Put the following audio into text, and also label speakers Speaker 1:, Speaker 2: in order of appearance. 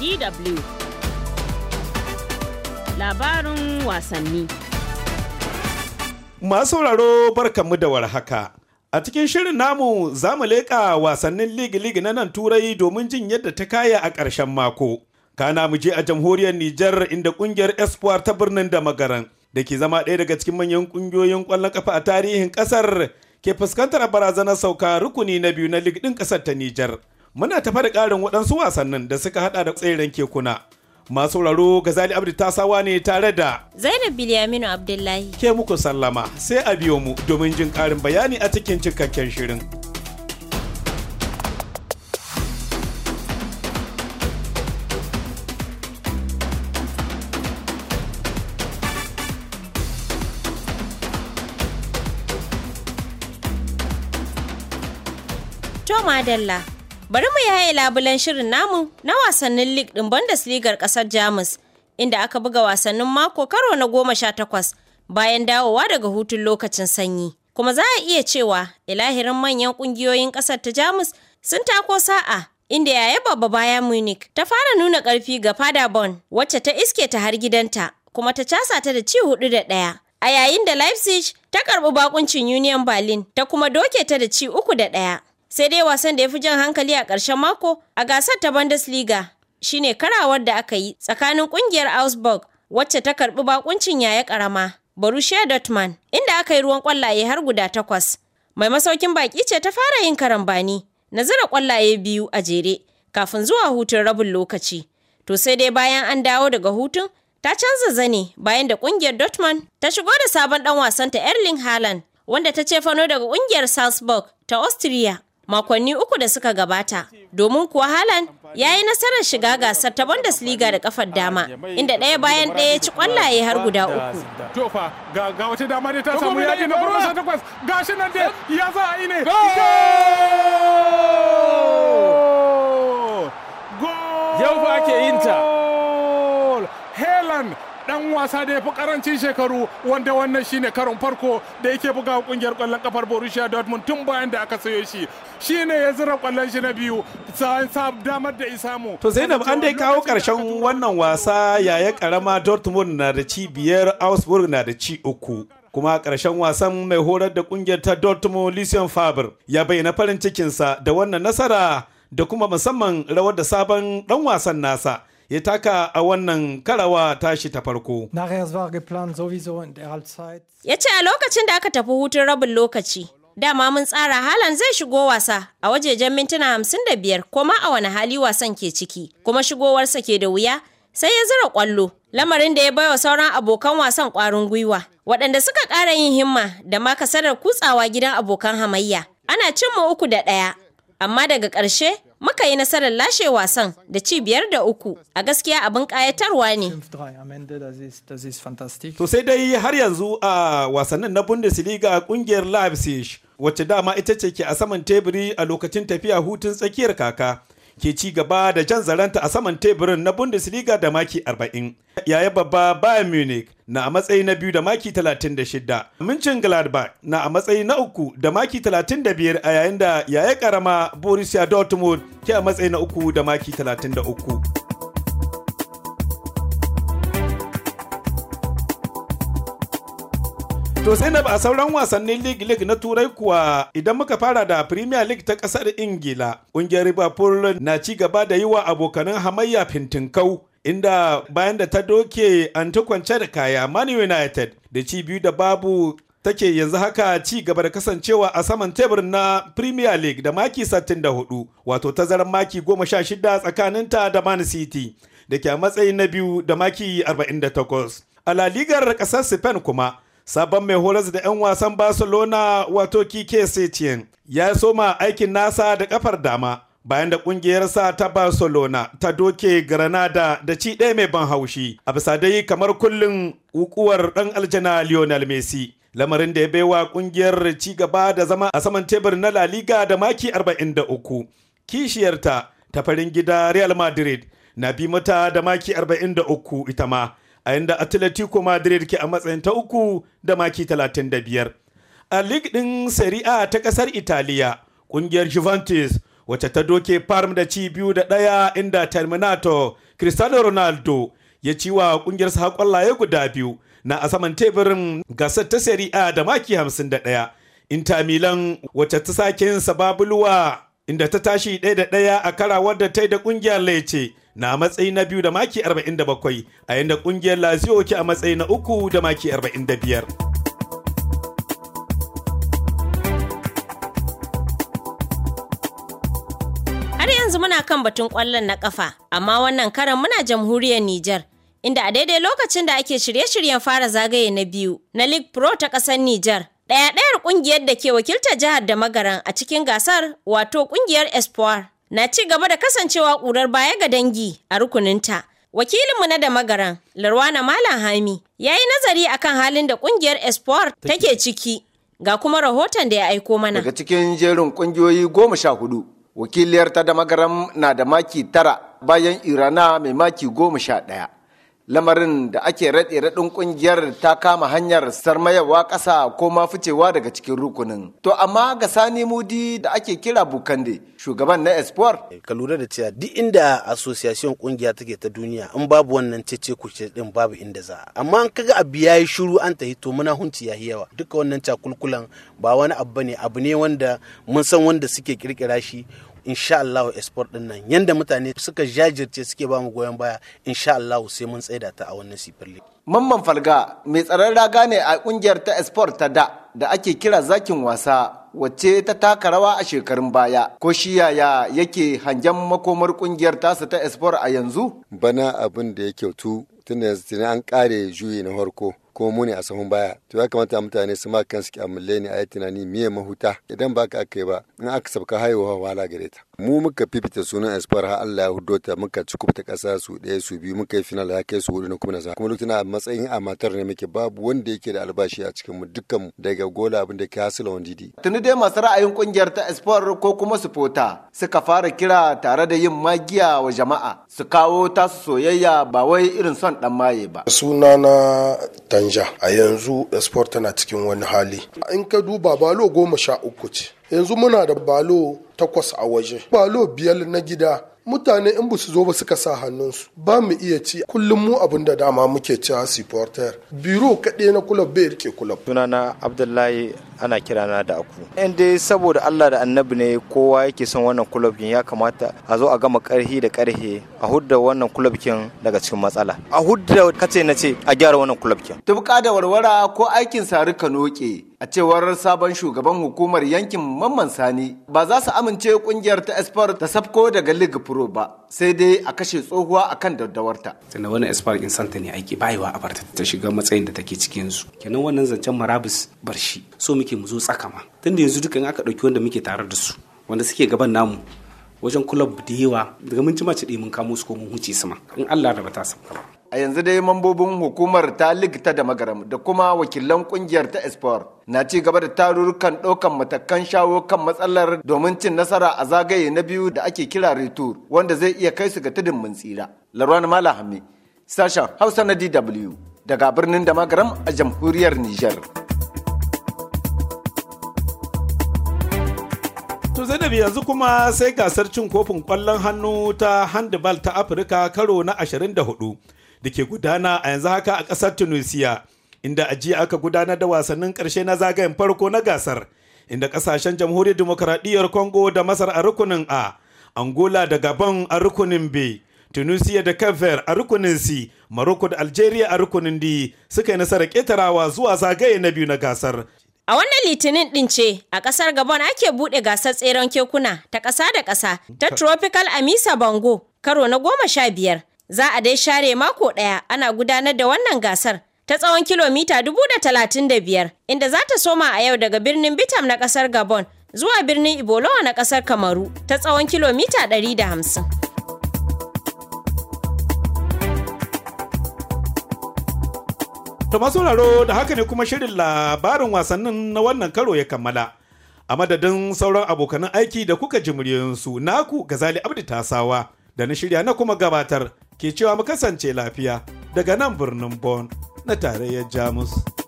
Speaker 1: DW
Speaker 2: Labarin wasanni Masu sauraro barkanmu da warhaka. A cikin shirin namu za mu leƙa wasannin ligi-ligi na nan turai domin jin yadda ta kaya a ƙarshen mako. Kana mu je a jamhuriyar Nijar inda ƙungiyar Espoir ta birnin da magaran da ke zama ɗaya daga cikin manyan ƙungiyoyin ƙwallon kafa a tarihin ƙasar ke fuskantar barazanar sauka rukuni na biyu na lig ɗin ƙasar ta Nijar. muna tafa da ƙarin waɗansu wasannin da suka hada da tseren kekuna masu sauraro gazali ta sawa ne tare da
Speaker 1: zainab bilyaminu abdullahi
Speaker 2: ke muku sallama sai a biyo mu domin jin ƙarin bayani a cikin cikakken shirin
Speaker 1: Madalla Bari mu yaye labulen shirin namu na wasannin League ɗin Bundesligar ƙasar Jamus, inda aka buga wasannin mako karo na goma sha takwas bayan dawowa daga hutun lokacin sanyi. Kuma za a iya cewa ilahirin manyan ƙungiyoyin ƙasar ta Jamus sun tako sa'a inda yaya babba baya Munich ta fara nuna karfi ga Paderborn wacce ta iske ta har gidanta kuma ta casa ta da ci hudu da ɗaya. A yayin da Leipzig ta karɓi bakuncin Union Berlin ta kuma doke ta da ci uku da ɗaya. sai dai wasan da ya fi jan hankali a ƙarshen mako a gasar ta bundesliga shine karawar da aka yi tsakanin ƙungiyar augsburg wacce ta karɓi bakuncin yaya ƙarama borussia dortmund inda aka yi ruwan ƙwallaye har guda takwas mai masaukin baƙi ce ta fara yin karambani na zira ƙwallaye biyu a jere kafin zuwa hutun rabin lokaci to sai dai bayan an dawo daga hutun ta canza zane bayan da ƙungiyar Dortmund ta shigo da sabon dan wasanta Erling Haaland wanda ta ce fano daga kungiyar Salzburg ta Austria makonni uku da suka gabata domin kuwa halan ya yi nasarar shiga gasar ta Bundesliga da kafar dama inda ɗaya bayan ɗaya ci
Speaker 2: kwallaye har guda uku. ga wata dama ta wasa da ya fi karancin shekaru wanda wannan shine karon farko da yake buga kungiyar kwallon kafar Borussia Dortmund tun bayan da aka sayo shi shine ya zira kwallon shi na biyu sa damar da isamu to Zainab an dai kawo karshen wannan wasa yaya karama Dortmund na da ci biyar Augsburg na da ci uku kuma karshen wasan mai horar da kungiyar ta Dortmund Lucien Faber ya bayyana farin cikinsa da wannan nasara da kuma musamman rawar da sabon dan wasan nasa ya taka a wannan karawa tashi ta farko.
Speaker 1: Ya ce a lokacin da aka tafi hutun rabin lokaci, dama mun tsara halan zai shigo wasa a wajejen mintuna hamsin da biyar kuma a wani hali wasan ke ciki, kuma shigowarsa ke da wuya sai ya zira kwallo. Lamarin da ya baiwa sauran abokan wasan kwarin gwiwa, waɗanda suka ƙara yin himma da ma kasarar kutsawa gidan abokan hamayya. Ana cin uku da ɗaya, amma daga ƙarshe muka yi nasarar lashe wasan da ci biyar da uku a gaskiya abin kayatarwa ne.
Speaker 2: To sai dai har yanzu a wasannin na Bundesliga kungiyar Leipzig wacce dama ita ce ke a saman teburi a lokacin tafiya hutun tsakiyar kaka. ke ci gaba da jan zaranta a saman teburin na Bundesliga da maki 40. Yaya babba Bayern Munich na a matsayi na biyu da maki 36 mincin gladbach na a matsayi na uku da maki 35 a yayin da yaya karama borussia dortmund ke a matsayi na uku da maki 33 To na a sauran wasannin League League na Turai kuwa idan muka fara da Premier League ta kasar Ingila, ƙungiyar Liverpool na ci gaba da yi wa abokanan hamayya fintinkau inda bayan da ta doke an ta kwance da kaya Man United da ci biyu da babu take yanzu haka ci gaba da kasancewa a saman tebur na Premier League da maki 64 wato tazarar maki 16 tsakaninta da Man City da ke a matsayi na biyu da maki 48. A La Ligar kasar Spain kuma sabon mai horas da 'yan wasan Barcelona wato Kike Setien ya soma aikin nasa da kafar dama bayan da sa ta barcelona ta doke granada da ci ɗaya mai ban haushi a bisa dai kamar kullum ukuwar ɗan aljana lionel messi lamarin da ya baiwa ƙungiyar ci gaba da zama a saman tebur na la liga da maki 43 kishiyarta ta farin gida real madrid na bi mata da maki 43 ita ma a yanda atletico madrid ke a matsayin ta uku da maki 35 a lig ɗin serie a ta ƙasar italiya ƙungiyar juventus wacce ta doke farm da ci biyu da ɗaya inda terminator cristiano ronaldo ya ci wa ƙungiyar sa kwallaye guda biyu na a saman teburin gasar ta Serie da maki 51 Inter Milan wacce ta sake yin sababuluwa inda ta tashi ɗaya da ɗaya a karawar da ta yi da ƙungiyar Lece na matsayi na biyu da maki 47 a yanda ƙungiyar Lazio ke a matsayi na uku da maki 45.
Speaker 1: muna kan batun ƙwallon na ƙafa, amma wannan karan muna jamhuriyar Nijar, inda a daidai lokacin da ake shirye-shiryen fara zagaye na biyu na League Pro ta ƙasar Nijar. Ɗaya ɗayar ƙungiyar da ke wakiltar jihar da magaran a cikin gasar wato ƙungiyar Espoir na ci gaba da kasancewa ƙurar baya ga dangi a rukuninta. Wakilinmu na da magaran, Larwana Malam Hami, ya yi nazari akan halin da ƙungiyar Espoir take ciki. Ga kuma rahoton da
Speaker 3: ya aiko mana. Daga cikin jerin ƙungiyoyi goma sha hudu, wakiliyar ta da na da maki tara bayan irana mai maki goma sha ɗaya lamarin da ake raɗe raɗin ƙungiyar ta kama hanyar sarmayawa ƙasa ko ma ficewa daga cikin rukunin. To amma ga Sani Mudi da ake kira Bukande shugaban na Espoir. Ka lura da cewa duk inda association ƙungiya take ta duniya in babu wannan cece kuce din babu inda za.
Speaker 2: Amma an kaga abu yayi shiru an ta hito muna hunci yayi yawa. Duka wannan cakulkulan ba wani abu ne abu ne wanda mun san wanda suke kirkira shi insha Allah export din nan yanda
Speaker 3: mutane suka jajirce suke ba mu goyon baya insha Allah sai mun tsaida ta a wannan sifir Mamman Falga mai tsaron raga ne a kungiyar ta export ta da da ake kira zakin wasa wacce ta taka rawa a shekarun baya ko shi yaya yake hangen makomar kungiyar tasa ta export a yanzu bana abin da ya kyautu da an kare juyi na farko ko muni a sahun baya to ya kamata mutane su ma kansu amulle ni a yi tunani miye mahuta idan ba ka aka yi ba in aka sabka haihuwa wahala gare ta mu muka fifita sunan espoir har Allah ya hudo ta muka ci kubta kasa su ɗaya su biyu muka yi final ya kai su hudu na kuma nasa kuma lokacin a matsayin amatar ne muke babu wanda yake da albashi a cikin mu dukkan daga gola abin da ke hasila wani didi tuni dai masu ra'ayin kungiyar ta espoir ko kuma fota suka fara kira tare da yin magiya wa jama'a su kawo tasu soyayya ba wai irin son dan maye ba
Speaker 2: sunana
Speaker 3: tanja a yanzu espoir tana cikin wani hali
Speaker 2: in ka duba balo goma sha uku ce yanzu muna da balo takwas a waje balo biyar na gida mutane in busu zo ba suka sa hannunsu ba mu iya ci kullum mu abin da dama muke ci a supporter
Speaker 3: biro kaɗai na kulab bai rike kulab na abdullahi ana kirana da aku in dai saboda allah da annabi ne kowa yake son wannan kulabkin ya kamata a zo a gama karhi da karhe a hudda wannan kulabkin daga cikin matsala a hudda kace na ce a gyara wannan kulabkin tubka da warwara ko aikin sari ka noke a cewar sabon shugaban hukumar yankin mamman sani ba za su amince kungiyar ta espar ta sabko daga league pro ba sai dai a kashe tsohuwa akan daddawarta
Speaker 2: tana wani espar in santa ne aiki bayewa a barta ta shiga matsayin da take cikin yanzu. kenan wannan zancen marabus bar shi so muke mu zo tsakama tunda yanzu dukan aka dauki wanda muke tare da su wanda suke gaban namu wajen kulob da yawa daga mun ci mace ɗaya mun kamo su ko mun huce sama in Allah da ba ta sabka ba a yanzu dai mambobin hukumar
Speaker 3: ta ligta da magaram da kuma wakilan kungiyar ta espoir na ci gaba da tarurrukan ɗaukan matakan shawo kan matsalar domin cin nasara a zagaye na biyu da ake kira retur wanda zai iya kai su ga tudun mun tsira larwan malahami sashen hausa na dw
Speaker 2: daga birnin da magaram a jamhuriyar niger To Zainab yanzu kuma sai gasar cin kofin kwallon hannu ta handball ta Afirka karo na 24. da ke gudana a yanzu haka a ƙasar tunisia inda a jiya aka gudanar da wasannin ƙarshe na zagayen farko na gasar inda ƙasashen jamhuriyar demokaradiyyar congo da masar a rukunin a angola da gabon a rukunin b tunisia da kafir a rukunin c maroko da algeria a rukunin d suka yi nasarar ƙetarawa zuwa zagaye na biyu na gasar
Speaker 1: A wannan litinin ɗin ce a ƙasar Gabon ake buɗe gasar tseren kekuna ta ƙasa da ƙasa ta Tropical Amisa Bango karo na goma sha biyar Za a dai share mako ɗaya ana gudanar da wannan gasar ta tsawon kilomita dubu da talatin da biyar, inda za ta soma a yau daga birnin Bitam na ƙasar Gabon zuwa birnin Ibolowa na ƙasar Kamaru ta tsawon kilomita ɗari da hamsin.
Speaker 2: To masu raro da haka ne kuma shirin labarin wasannin na wannan karo ya kammala. A madadin sauran abokanan aiki da kuka ji muryoyinsu naku Gazali Abdi Tasawa da na shirya na kuma gabatar ke cewa mu kasance lafiya daga nan birnin Bon na tarayyar Jamus.